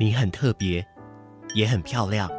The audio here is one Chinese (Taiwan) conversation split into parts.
你很特別，也很漂亮。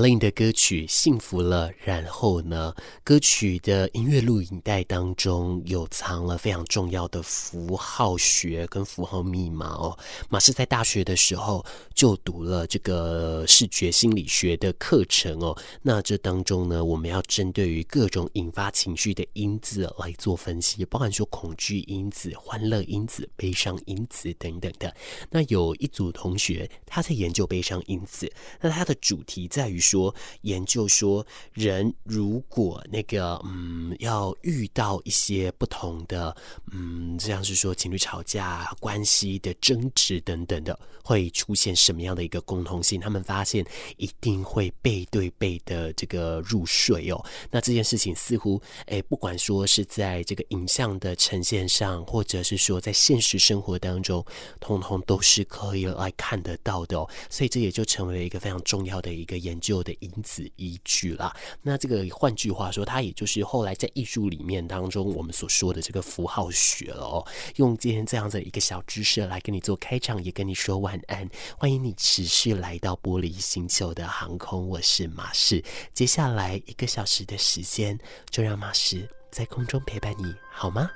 林的歌曲《幸福了》，然後呢，歌曲的音樂錄影帶當中有藏了非常重要的符號學跟符號密碼哦。馬是在大學的時候就讀了這個視覺心理學的課程哦。那這當中呢，我們要針對於各種引發情緒的因子來做分析，包含說恐懼因子、歡樂因子、悲傷因子等等的。那有一組同學他在研究悲傷因子，那他的主題在於，說研究說人如果那個嗯要遇到一些不同的嗯，像是說情侶吵架、關係的爭執等等的，會出現什麼樣的一個共同性？他們發現一定會背對背的這個入睡哦。那這件事情似乎誒、哎，不管說是在這個影像的呈現上，或者是說在現實生活當中，通通都是可以來看得到的哦。所以這也就成為了一個非常重要的一個研究。的因子依據了，那這個換句話說，它也就是後來在藝術裡面當中我們所說的這個符號學了哦。用今天這樣子的一個小知識來跟你做開場，也跟你說晚安，歡迎你持續來到玻璃星球的航空，我是馬氏。接下來一個小時的時間，就讓馬氏在空中陪伴你好嗎？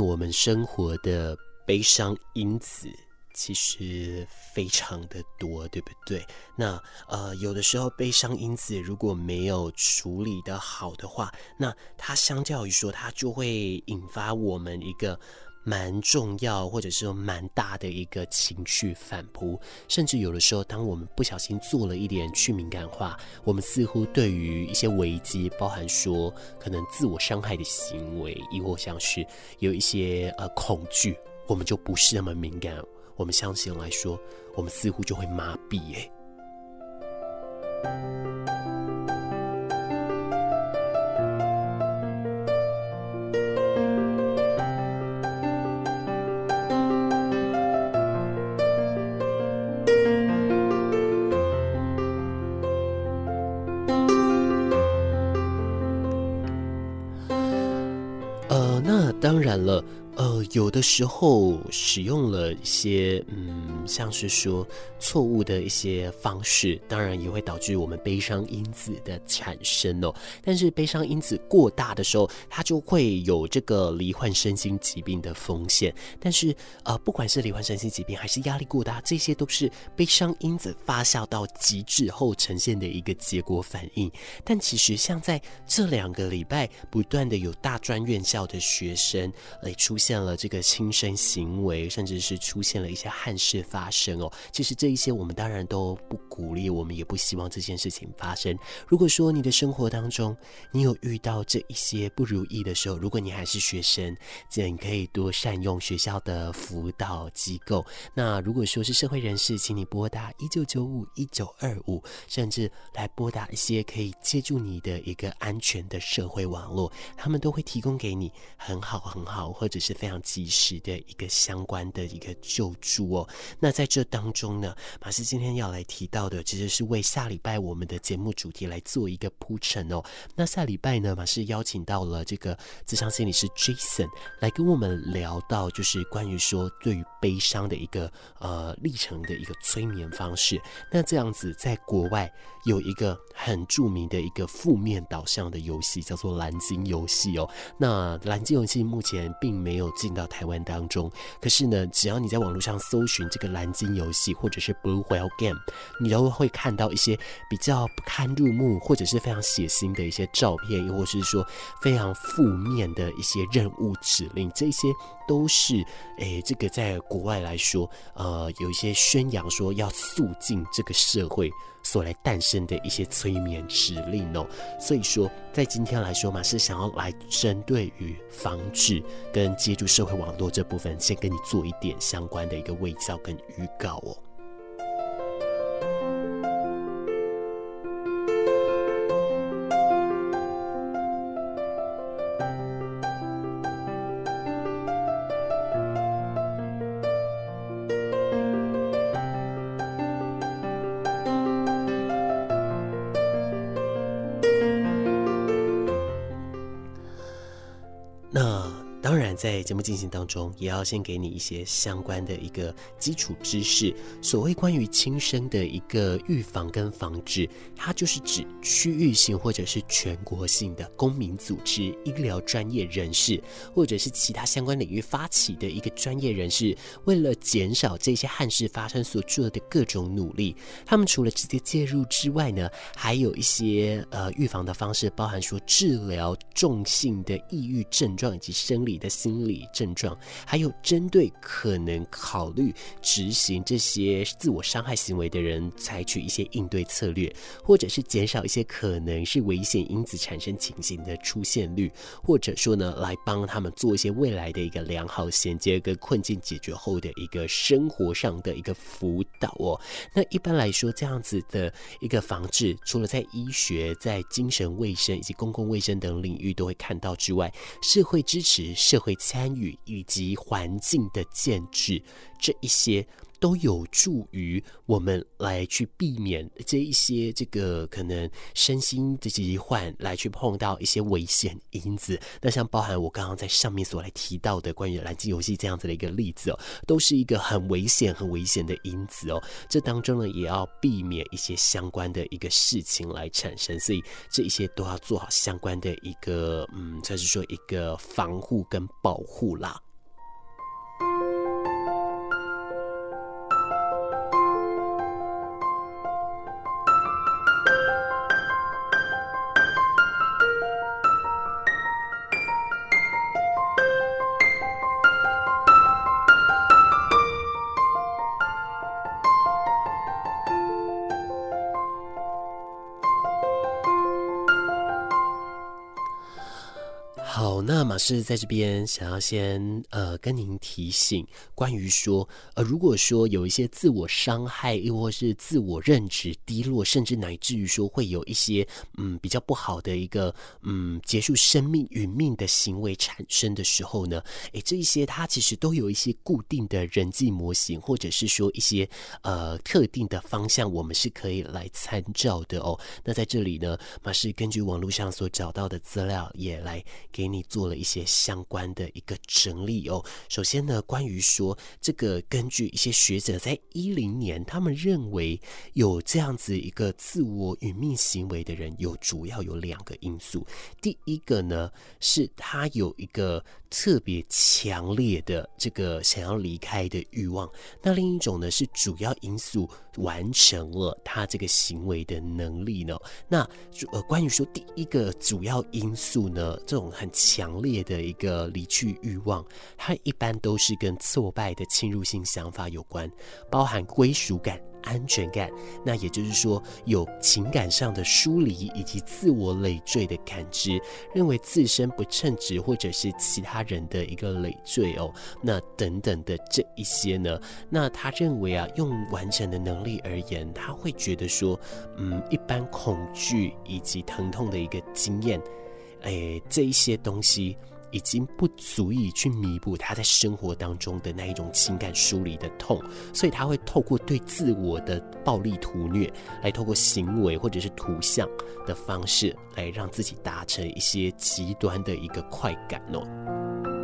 我們生活的悲傷因子其實非常的多，對不對？那呃，有的時候悲傷因子如果沒有處理得好的話，那它相較於說，它就會引發我們一個。蠻重要，或者是蠻大的一個情緒反撲，甚至有的時候，當我們不小心做了一點去敏感化，我們似乎對於一些危機，包含說可能自我傷害的行為，亦或像是有一些呃恐懼，我們就不是那麼敏感。我們相信來說，我們似乎就會麻痹耶、欸。有的時候使用了一些嗯。像是說錯誤的一些方式，當然也會導致我們悲傷因子的產生哦。但是悲傷因子過大的時候，它就會有這個罹患身心疾病的風險。但是，呃，不管是罹患身心疾病，還是壓力過大，這些都是悲傷因子發酵到極致後呈現的一個結果反應。但其實，像在這兩個禮拜不斷的有大專院校的學生，呃，出現了這個輕生行為，甚至是出現了一些憾事。發生哦，其實這一些我們當然都不鼓勵，我們也不希望這件事情發生。如果說你的生活當中，你有遇到這一些不如意的時候，如果你還是學生，這你可以多善用學校的輔導機構。那如果說是社會人士，請你撥打一九九五一九二五，25，甚至來撥打一些可以借助你的一個安全的社會網絡，他們都會提供給你很好很好，或者是非常及時的一個相關的一個救助哦。那。那在這當中呢，馬斯今天要來提到的其實是為下禮拜我們的節目主題來做一個鋪陳哦。那下禮拜呢，馬斯邀請到了這個諮商心理師 Jason 來跟我們聊到，就是關於說對於悲傷的一個呃歷程的一個催眠方式。那這樣子，在國外有一個很著名的一個負面導向的遊戲，叫做藍鯨遊戲哦。那藍鯨遊戲目前並沒有進到台灣當中，可是呢，只要你在網絡上搜尋這個。藍鯨遊戲或者是 Blue Whale Game，你都會看到一些比較不堪入目或者是非常血腥的一些照片，又或是說非常負面的一些任務指令，這些都是誒、哎，這個在國外來說，呃，有一些宣揚說要肅靜這個社會。所來誕生的一些催眠指令哦，所以說在今天來說嘛，是想要來針對於防治跟接觸社會網絡這部分，先跟你做一點相關的一個衛教跟預告哦。節目進行當中，也要先給你一些相關的一個基礎知識。所謂關於輕生的一個預防跟防治，它就是指區域性或者是全國性的公民組織、醫療專業人士，或者是其他相關領域發起的一個專業人士，為了減少這些憾事發生所做的各種努力。他們除了直接介入之外呢，還有一些呃預防的方式，包含說治療重性的抑鬱症狀以及生理的心理，症狀，還有針對可能考慮執行這些自我傷害行為的人，採取一些應對策略，或者是減少一些可能是危險因子產生情形的出現率，或者說呢，來幫他們做一些未來的一個良好銜接跟困境解決後的一個生活上的一個輔導哦。那一般來說，這樣子的一個防治，除了在醫學、在精神衛生以及公共衛生等領域都會看到之外，社會支持、社會參參與以及環境的建制，這一些，都有助於我們來去避免這一些這個可能身心這些疾患，來去碰到一些危險因子。那像包含我剛剛在上面所來提到的關於藍鯨遊戲這樣子的一個例子哦，都是一個很危險、很危險的因子哦。這當中呢，也要避免一些相關的一個事情來產生，所以這一些都要做好相關的一個嗯，就是說一個防護跟保護啦。是在這邊想要先呃跟您提醒關，關於說呃如果說有一些自我傷害，又或是自我認知低落，甚至乃至於說會有一些嗯比較不好的一個嗯結束生命與命的行為產生的時候呢，哎、欸、這一些它其實都有一些固定的人際模型，或者是說一些呃特定的方向，我們是可以來參照的哦。那在這裡呢，馬氏根據網絡上所找到的資料，也來給你做了一些。相關的一個整理哦。首先呢，關於說這個，根據一些學者在一零年，他們認為有這樣子一個自我殞命行為的人，有主要有兩個因素。第一個呢，是他有一個。特別強烈的這個想要離開的慾望，那另一種呢，是主要因素完成了他這個行為的能力呢？那呃，關於說第一個主要因素呢，這種很強烈的一個離去慾望，它一般都是跟挫敗的侵入性想法有關，包含歸屬感安全感，那也就是說有情感上的疏離以及自我累贅的感知，認為自身不稱職或者是其他人的一個累贅哦，那等等的這一些呢？那他認為啊，用完整的能力而言，他會覺得說，嗯，一般恐懼以及疼痛的一個經驗，誒、欸，這一些東西。已經不足以去彌補他在生活當中的那一種情感疏離的痛，所以他會透過對自我的暴力圖虐，來透過行為或者是圖像的方式來讓自己達成一些極端的一個快感哦。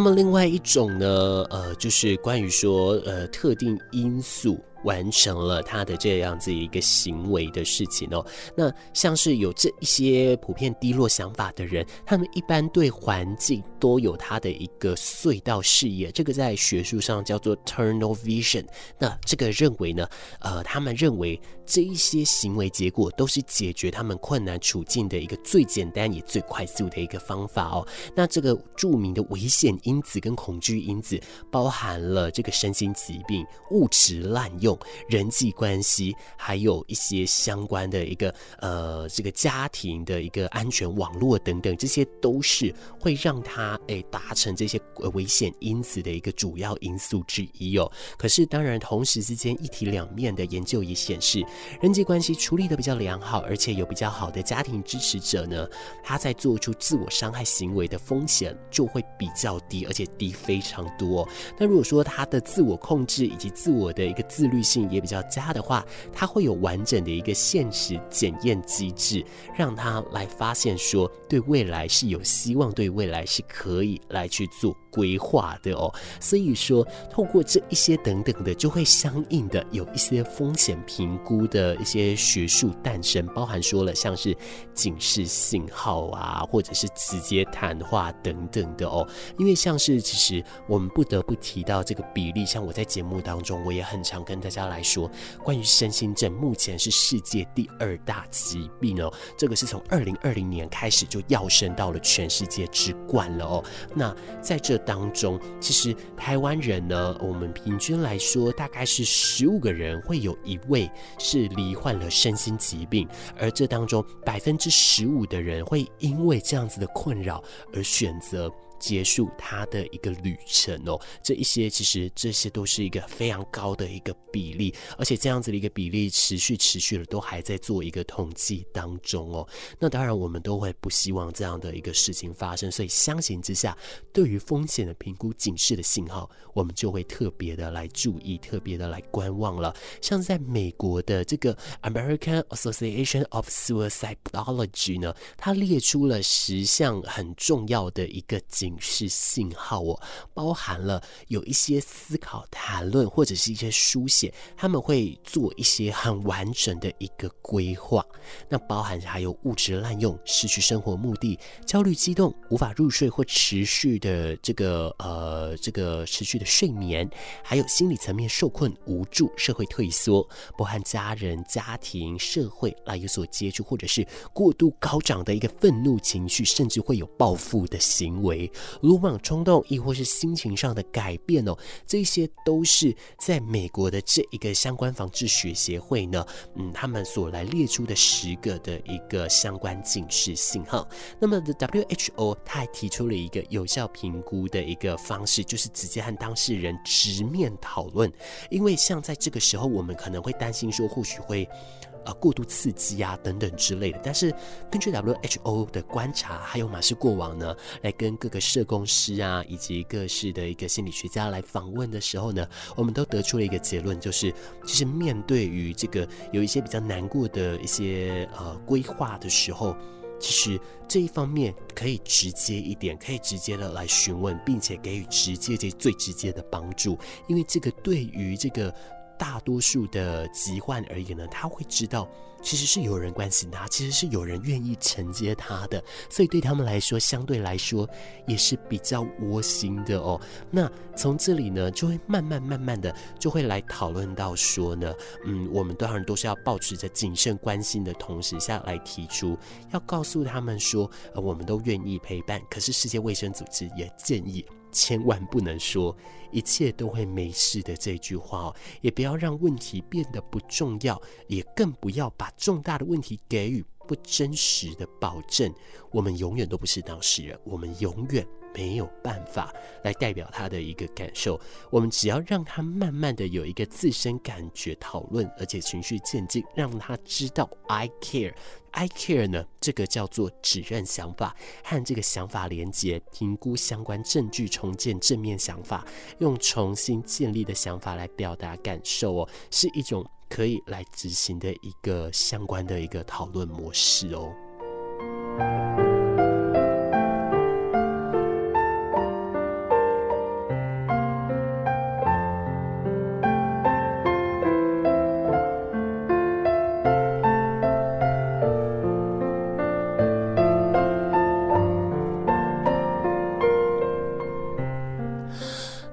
那麼另外一種呢，呃，就是關於說，呃，特定因素完成了他的這樣子一個行為的事情哦。那像是有這一些普遍低落想法的人，他們一般對環境都有他的一個隧道視野，這個在學術上叫做 tunnel vision。那這個認為呢，呃，他們認為。這一些行為結果都是解決他們困難處境的一個最簡單也最快速的一個方法哦。那這個著名的危險因子跟恐懼因子包含了這個身心疾病、物質濫用、人際關係，還有一些相關的一個呃，這個家庭的一個安全網絡等等，這些都是會讓他哎、欸、達成這些危險因子的一個主要因素之一哦。可是當然，同時之間一體兩面的研究也顯示。人際關係處理得比較良好，而且有比較好的家庭支持者呢，他在做出自我傷害行為的風險就會比較低，而且低非常多哦。那如果說他的自我控制以及自我的一個自律性也比較佳的話，他會有完整的一個現實檢驗機制，讓他來發現說對未來是有希望，對未來是可以來去做規劃的哦。所以說，透過這一些等等的，就會相應的有一些風險評估。的一些學術誕生，包含說了像是警示信號啊，或者是直接談話等等的哦。因為像是其實我們不得不提到這個比例，像我在節目當中，我也很常跟大家來說，關於身心症目前是世界第二大疾病哦。這個是從二零二零年開始就躍升到了全世界之冠了哦。那在這當中，其實台灣人呢，我們平均來說大概是十五個人會有一位是。是罹患了身心疾病，而這當中百分之十五的人會因為這樣子的困擾而選擇結束他的一個旅程哦，這一些，其實這些都是一個非常高的一個比例，而且這樣子的一個比例持續持續的都還在做一個統計當中哦。那當然我們都會不希望這樣的一個事情發生，所以相形之下，對於風險的評估、警示的信號，我們就會特別的來注意、特別的來觀望了。像在美國的這個 American Association of Suicidology 呢，它列出了十項很重要的一個警。警示信號哦，包含了有一些思考、談論或者是一些書寫，他們會做一些很完整的一個規劃。那包含還有物質濫用、失去生活目的、焦慮、激動、無法入睡或持續的這個呃這個持續的睡眠，還有心理層面受困、無助、社會退縮，不和家人、家庭、社會來有所接觸，或者是過度高漲的一個憤怒情緒，甚至會有報復的行為。魯莽、衝動，亦或是心情上的改變哦，這些都是在美國的這一個相關防治學協會呢，嗯，他們所來列出的十個的一個相關警示信號。那麼，的 WHO 他還提出了一個有效評估的一個方式，就是直接和當事人直面討論。因為像在這個時候，我們可能會擔心說，或許會。啊，過度刺激啊，等等之類的。但是根據 WHO 的觀察，還有馬氏過往呢，來跟各個社工師啊，以及各式的一個心理學家來訪問的時候呢，我們都得出了一個結論，就是其實面對於這個有一些比較難過的一些呃規劃的時候，其實這一方面可以直接一點，可以直接的來詢問，並且給予直接這最直接的幫助，因為這個對於這個。大多數的疾患而言呢，他會知道其實是有人關心他，其實是有人願意承接他的，所以對他們來說，相對來說也是比較窩心的哦。那從這裡呢，就會慢慢慢慢的就會來討論到說呢，嗯，我們當然都是要保持着謹慎關心的同時下來提出，要告訴他們說，呃，我們都願意陪伴，可是世界衛生組織也建議。千萬不能說“一切都會沒事的”的這句話哦，也不要讓問題變得不重要，也更不要把重大的問題給予不真實的保證。我們永遠都不是當事人，我們永遠。沒有辦法來代表他的一個感受，我們只要讓他慢慢的有一個自身感覺討論，而且循序漸進，讓他知道 I care，I care 呢，這個叫做指認想法，和這個想法連接，評估相關證據，重建正面想法，用重新建立的想法來表達感受哦，是一種可以來執行的一個相關的一個討論模式哦。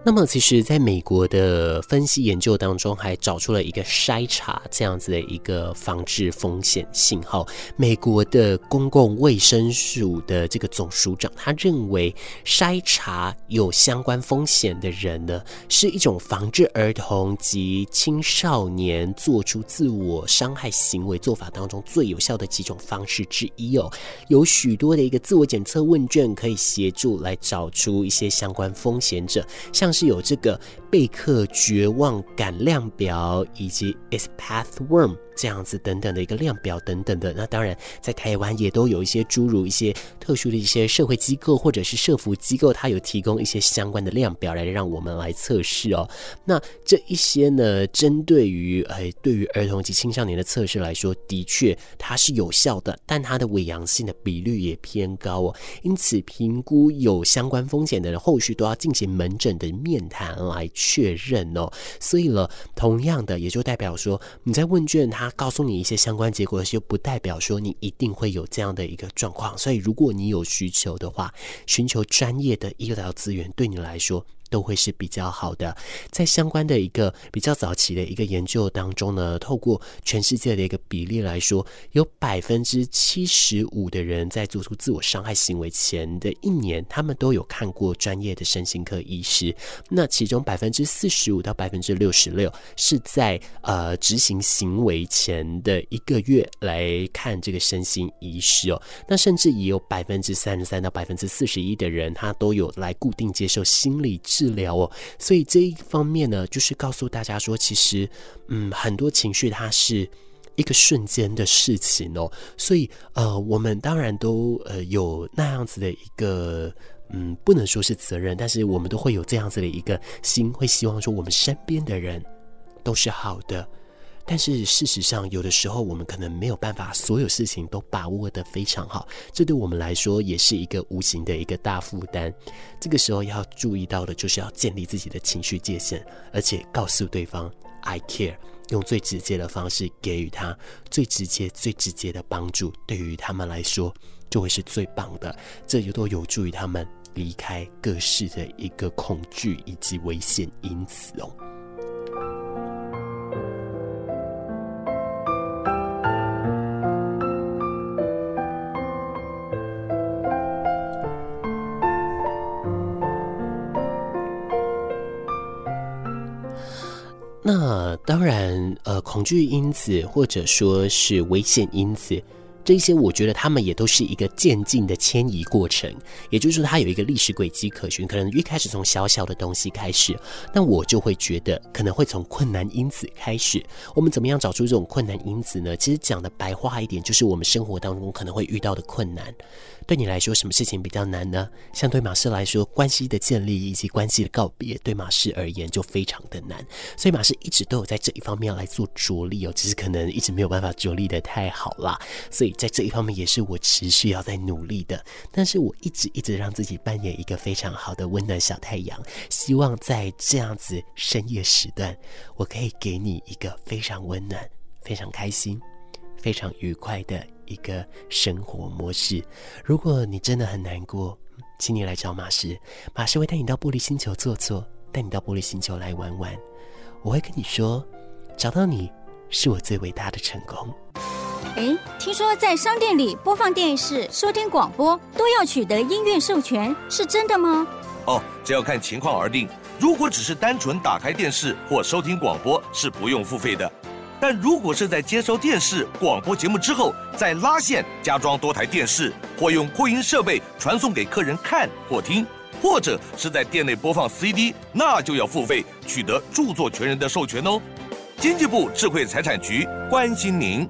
那麼，其實，在美國的分析研究當中，還找出了一個篩查這樣子的一個防治風險信號。美國的公共衛生署的這個總署長，他認為篩查有相關風險的人呢，是一種防治兒童及青少年做出自我傷害行為做法當中最有效的幾種方式之一哦。有許多的一個自我檢測問卷可以協助來找出一些相關風險者，像，是有這個貝克絕望感量表以及 IS PATH WARM 這樣子等等的一個量表等等的。那當然，在台灣也都有一些諸如一些特殊的一些社會機構或者是社福機構，它有提供一些相關的量表來讓我們來測試哦。那這一些呢，針對於哎對於兒童及青少年的測試來說，的確它是有效的，但它的偽陽性的比率也偏高哦。因此，評估有相關風險的人，後續都要進行門診的。面談來確認哦，所以了，同樣的也就代表說，你在問卷，他告訴你一些相關結果，就不代表說你一定會有這樣的一個狀況。所以，如果你有需求的話，尋求專業的醫療資源，對你來說都會是比較好的。在相關的一個比較早期的一個研究當中呢，透過全世界的一個比例來說，有百分之七十五的人在做出自我傷害行為前的一年，他們都有看過專業的身心科醫師。那其中百分之四十五到百分之六十六是在呃執行行為前的一個月來看這個身心醫師哦。那甚至也有百分之三十三到百分之四十一的人，他都有來固定接受心理治。治療哦，所以這一方面呢，就是告訴大家說，其實，嗯，很多情緒它是一個瞬間的事情哦，所以呃，我們當然都呃有那樣子的一個，嗯，不能說是責任，但是我們都會有這樣子的一個心，會希望說我們身邊的人都是好的。但是事實上，有的時候我們可能沒有辦法所有事情都把握得非常好，這對我們來說也是一個無形的一個大負擔。這個時候要注意到的就是要建立自己的情緒界限，而且告訴對方 I care，用最直接的方式給予他最直接、最直接的幫助，對於他們來說就會是最棒的。這有多有助於他們離開各式的一個恐懼以及危險因子哦。當然，呃，恐懼因子或者說是危險因子。這些我覺得他們也都是一個漸進的遷移過程，也就是說它有一個歷史軌跡可循。可能一開始從小小的東西開始，那我就會覺得可能會從困難因子開始。我們怎麼樣找出這種困難因子呢？其實講的白話一點，就是我們生活當中可能會遇到的困難。對你來說，什麼事情比較難呢？像對馬斯來說，關係的建立以及關係的告別，對馬斯而言就非常的難。所以馬斯一直都有在這一方面來做着力哦，只是可能一直沒有辦法着力得太好啦，所以。在這一方面也是我持續要在努力的，但是我一直一直讓自己扮演一個非常好的溫暖小太陽，希望在這樣子深夜時段，我可以給你一個非常溫暖、非常開心、非常愉快的一個生活模式。如果你真的很難過，請你來找馬師，馬師會帶你到玻璃星球坐坐，帶你到玻璃星球來玩玩。我會跟你說，找到你是我最偉大的成功。哎，聽說在商店裡播放電視、收聽廣播都要取得音樂授權，是真的嗎？哦，這要看情況而定。如果只是單純打開電視或收聽廣播，是不用付費的。但如果是在接收電視廣播節目之後再拉線加裝多台電視，或用擴音設備傳送給客人看或聽，或者是在店內播放 CD，那就要付費取得著作權人的授權哦。經濟部智慧財產局關心您。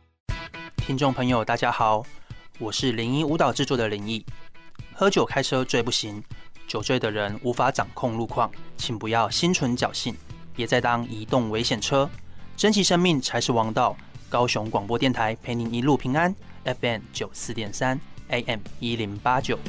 聽眾朋友，大家好，我是林一舞蹈製作的林一。喝酒開車最不行，酒醉的人無法掌控路況，請不要心存僥倖，別再當移動危險車，珍惜生命才是王道。高雄廣播電台陪您一路平安，FM 九四點三 AM 一零八九。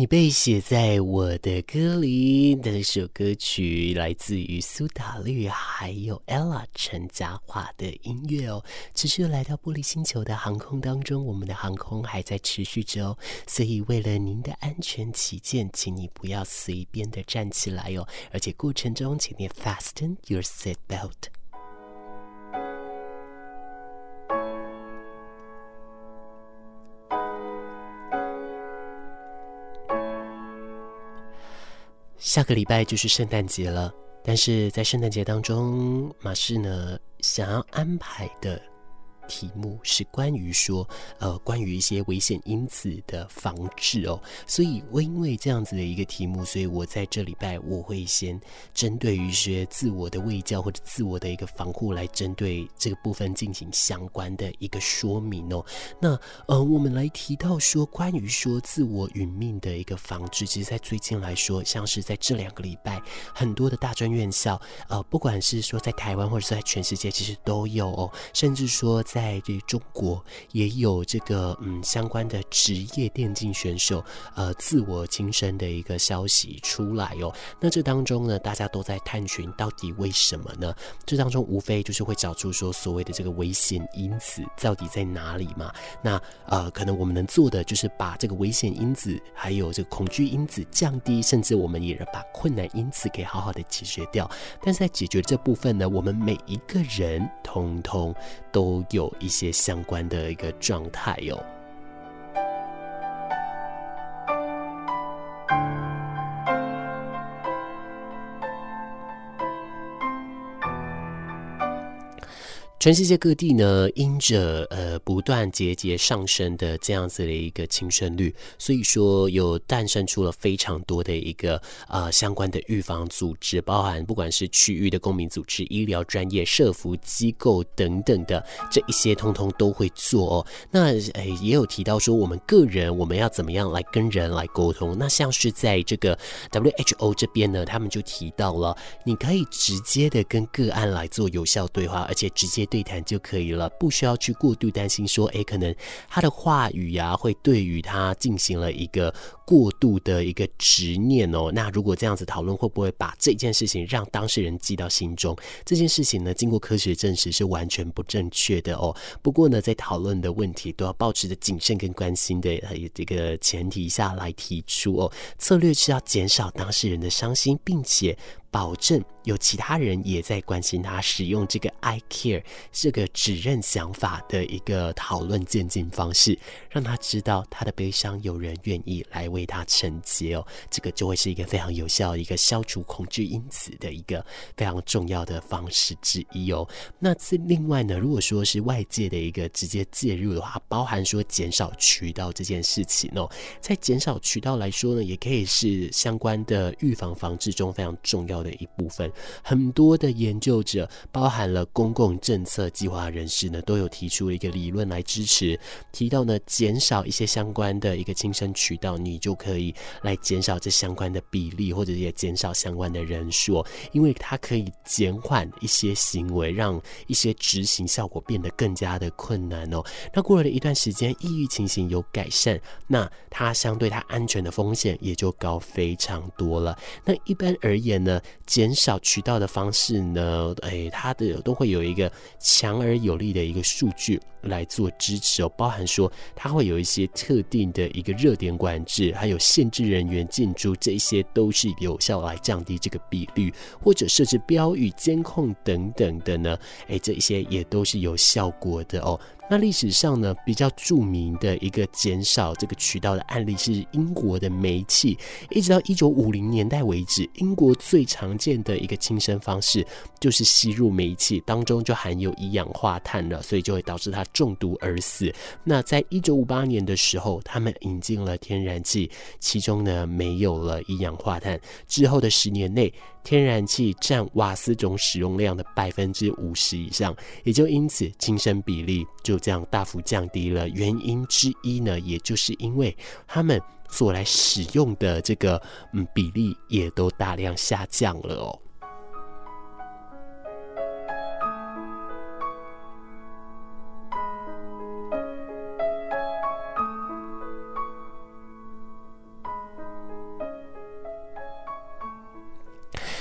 你被寫在我的歌裡的首歌曲，來自於蘇打綠，還有 Ella 陳嘉樺的音樂哦。此時來到玻璃星球的航空當中，我們的航空還在持續着哦。所以為了您的安全起見，請你不要隨便的站起來哦。而且過程中，請你 fasten your seat belt。下個禮拜就是聖誕節了，但是在聖誕節當中，馬氏呢，想要安排的。題目是關於說，呃，關於一些危險因子的防治哦，所以我因為這樣子的一個題目，所以我在這禮拜我會先針對於一些自我的衛教或者自我的一個防護來針對這個部分進行相關的一個說明哦。那，呃，我們來提到說，關於說自我殞命的一個防治，其實，在最近來說，像是在這兩個禮拜，很多的大專院校，呃，不管是說在台灣或者是在全世界，其實都有哦，甚至說在。在這中國也有這個嗯，相關的職業電競選手呃，自我輕生的一個消息出來哦，那這當中呢，大家都在探尋到底為什麼呢？這當中無非就是會找出說所謂的這個危險因子到底在哪裡嘛？那呃，可能我們能做的就是把這個危險因子還有這個恐懼因子降低，甚至我們也能把困難因子給好好的解決掉。但是在解決這部分呢，我們每一個人通通都有一些相關的一個狀態喲、哦。全世界各地呢，因着呃不斷節節上升的這樣子的一個輕生率，所以說有誕生出了非常多的一個呃相關的預防組織，包含不管是區域的公民組織、醫療專業社服機構等等的這一些，通通都會做。哦。那誒、哎、也有提到說，我們個人我們要怎麼樣來跟人來溝通？那像是在這個 WHO 這邊呢，他們就提到了，你可以直接的跟個案來做有效對話，而且直接。對談就可以了，不需要去過度擔心。說，誒，可能他的話語呀、啊，會對於他進行了一個過度的一個執念哦。那如果這樣子討論，會不會把這件事情讓當事人記到心中？這件事情呢，經過科學證實是完全不正確的哦。不過呢，在討論的問題都要保持着謹慎跟關心的這個前提下來提出哦。策略是要減少當事人的傷心，並且。保證有其他人也在關心他，使用這個 I care 這個指認想法的一個討論漸進方式，讓他知道他的悲傷有人願意來為他承接哦，這個就會是一個非常有效的一個消除恐懼因子的一個非常重要的方式之一哦。那這另外呢，如果說是外界的一個直接介入的話，包含說減少渠道，這件事情哦，在減少渠道來說呢，也可以是相關的預防防治中非常重要的的一部分，很多的研究者，包含了公共政策計劃人士呢，都有提出一個理論來支持，提到呢減少一些相關的一個輕生渠道，你就可以來減少這相關的比例，或者也減少相關的人數，因為它可以減緩一些行為，讓一些執行效果變得更加的困難哦。那過了的一段時間，抑鬱情形有改善，那它相對它安全的風險也就高非常多了。那一般而言呢，減少渠道的方式呢，哎，它的都會有一個強而有力的一個數據，來做支持哦，包含說它會有一些特定的一個熱點管制，還有限制人員進出，這一些都是有效來降低這個比率。或者設置標語、監控等等的呢。哎，這一些也都是有效果的哦。那歷史上呢，比較著名的一個減少這個渠道的案例是英國的煤氣，一直到一九五零年代為止，英國最常見的一個輕生方式就是吸入煤氣，當中就含有一氧化碳了，所以就會導致它。中毒而死。那在一九五八年的時候，他們引進了天然氣，其中呢沒有了一氧化碳。之後的十年內，天然氣占瓦斯總使用量的百分之五十以上，也就因此，輕生比例就這樣大幅降低了。原因之一呢，也就是因為他們所來使用的這個嗯比例也都大量下降了哦。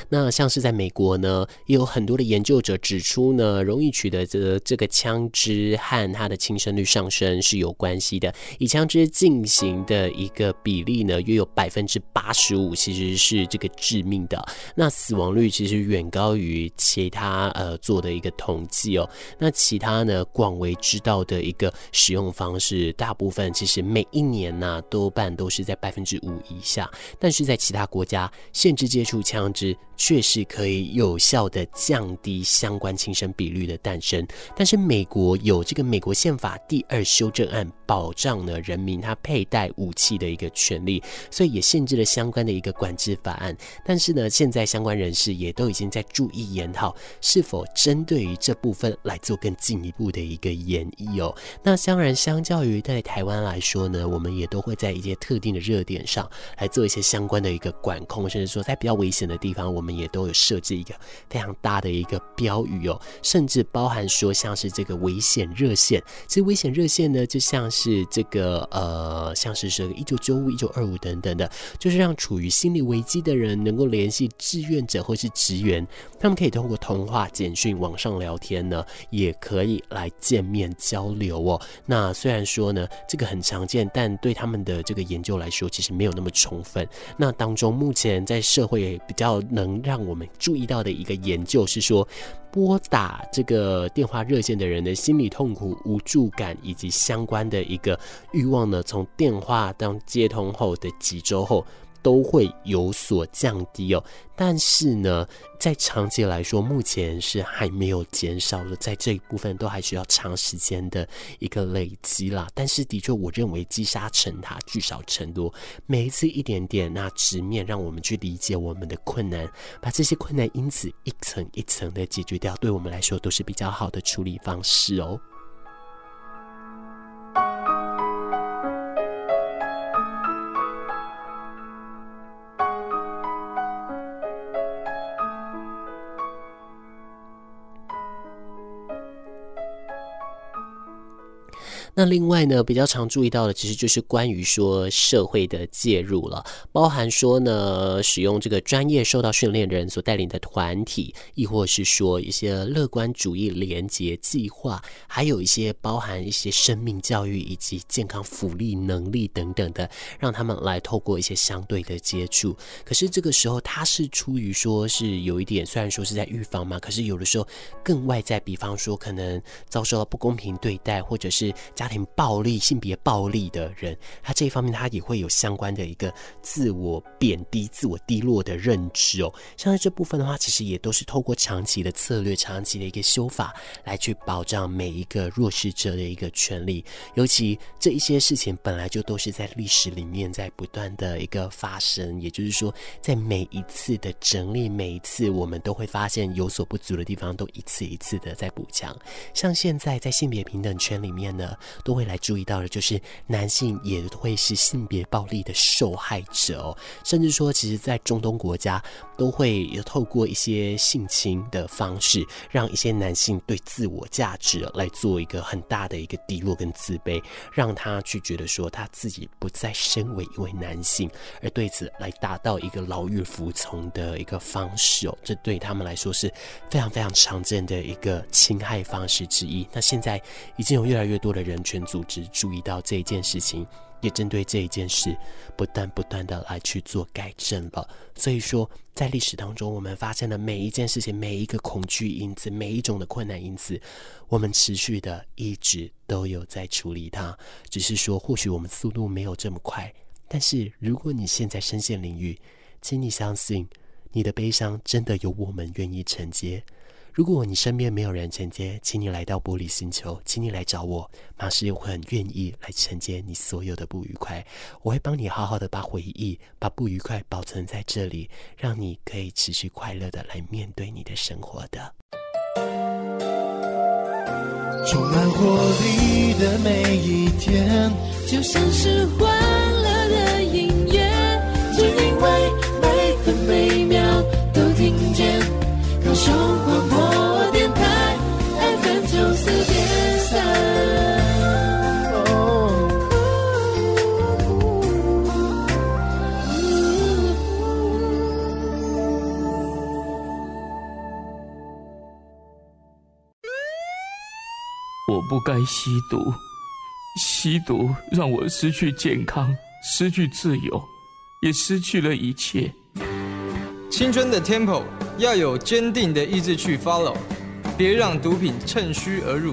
那像是在美國呢，也有很多的研究者指出呢，容易取得這這個槍支和它的輕生率上升是有關係的。以槍支進行的一個比例呢，約有百分之八十五，其實是這個致命的。那死亡率其實遠高於其他呃做的一個統計哦。那其他呢，廣為知道的一個使用方式，大部分其實每一年呢、啊、多半都是在百分之五以下。但是在其他國家，限制接觸槍支。確實可以有效的降低相關輕生比率的誕生，但是美國有這個美國憲法第二修正案保障了人民他佩戴武器的一個權利，所以也限制了相關的一個管制法案。但是呢，現在相關人士也都已經在注意研討，是否針對於這部分來做更進一步的一個演繹哦。那當然，相較於在台灣來說呢，我們也都會在一些特定的熱點上來做一些相關的一個管控，甚至說在比較危險的地方，我們。也都有設置一個非常大的一個標語哦，甚至包含說像是這個危險熱線。這危險熱線呢，就像是這個呃，像是這個一九九五、一九二五等等的，就是讓處於心理危機的人能夠聯繫志願者或是職員。他們可以通過通話、簡訊、網上聊天呢，也可以來見面交流哦。那雖然說呢，這個很常見，但對他們的這個研究來說，其實沒有那麼充分。那當中目前在社會比較能讓我們注意到的一個研究是說，撥打這個電話熱線的人的心理痛苦、無助感以及相關的一個慾望呢，從電話當接通後的幾周後。都會有所降低哦，但是呢，在長期來說，目前是還沒有減少了，在這一部分都還需要長時間的一個累積啦。但是，的確，我認為積沙成塔，聚少成多，每一次一點點，那直面讓我們去理解我們的困難，把這些困難因此一層一層的解決掉，對我們來說都是比較好的處理方式哦。那另外呢，比較常注意到的，其實就是關於說社會的介入了，包含說呢，使用這個專業受到訓練人所帶領的團體，亦或是說一些樂觀主義連結計劃，還有一些包含一些生命教育以及健康福利能力等等的，讓他們來透過一些相對的接觸。可是這個時候，他是出於說是有一點，雖然說是在預防嘛，可是有的時候更外在，比方說可能遭受了不公平對待，或者是家。很暴力、性別暴力的人，他這一方面他也會有相關的一個自我貶低、自我低落的認知哦。像在這部分的話，其實也都是透過長期的策略、長期的一個修法來去保障每一個弱勢者的一個權利。尤其這一些事情本來就都是在歷史裡面在不斷的一個發生，也就是說，在每一次的整理，每一次我們都會發現有所不足的地方，都一次一次的在補強。像現在在性別平等圈裡面呢，都會來注意到的，就是男性也會是性別暴力的受害者哦。甚至說，其實，在中東國家，都會有透過一些性侵的方式，讓一些男性對自我價值來做一個很大的一個低落跟自卑，讓他去覺得說他自己不再身為一位男性，而對此來達到一個牢獄服從的一個方式哦。這對他們來說是非常非常常見的一個侵害方式之一。那現在已經有越來越多的人。全組織注意到這一件事情，也針對這一件事，不斷不斷的來去做改正了。所以說，在歷史當中，我們發生的每一件事情、每一個恐懼因子、每一種的困難因子，我們持續的一直都有在處理它。只是說，或許我們速度沒有這麼快，但是如果你現在身陷囹圄，請你相信，你的悲傷真的有我們願意承接。如果你身邊沒有人承接，請你來到玻璃星球，請你來找我，馬師會很願意來承接你所有的不愉快。我會幫你好好的把回憶、把不愉快保存在這裡，讓你可以持續快樂的來面對你的生活。的。充滿活力的每一天，就像是歡樂的。中國廣播電台愛分九四點三。我不該吸毒，吸毒讓我失去健康，失去自由，也失去了一切。青春的 tempo 要有堅定的意志去 follow，別讓毒品趁虛而入。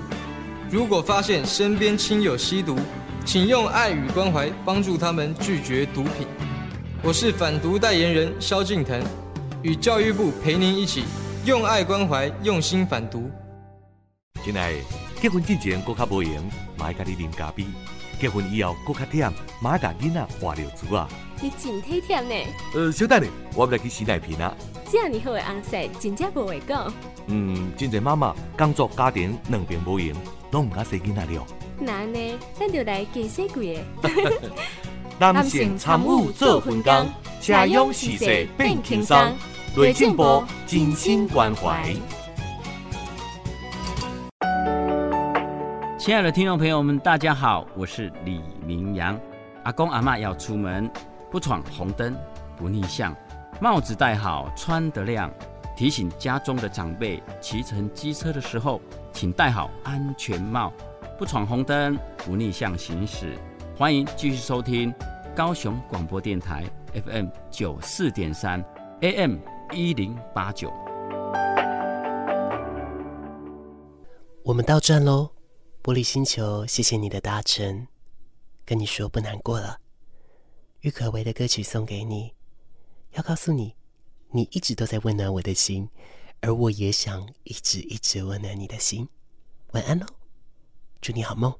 如果發現身邊親友吸毒，請用愛與關懷幫助他們拒絕毒品。我是反毒代言人蕭敬騰，與教育部陪您一起用愛關懷，用心反毒今。今天結婚之前國卡無閒，嘛愛家己啉咖啡；結婚以後國卡甜，馬卡囡仔畫柳豬啊。你真體貼呢！呃，小弟呢，我來去洗奶瓶啊。這樣你好的紅色，真正不會講。嗯，真儕媽媽工作、家庭兩邊無閒，都唔敢洗機內了。男的，咱就來健身櫃個。男性參與做分工，車用其實變輕鬆。雷正波真心關懷。親愛的聽眾朋友們，大家好，我是李明陽。阿公阿媽要出門。不闖紅燈，不逆向，帽子戴好，穿得亮。提醒家中的長輩，騎乘機車的時候，請戴好安全帽。不闖紅燈，不逆向行駛。歡迎繼續收聽高雄廣播電台 FM 九四點三，AM 一零八九。我們到站嘍，玻璃星球，謝謝你的搭乘，跟你說不難過了。郁可唯的歌曲送給你，要告訴你，你一直都在溫暖我的心，而我也想一直一直溫暖你的心。晚安嘍，祝你好夢。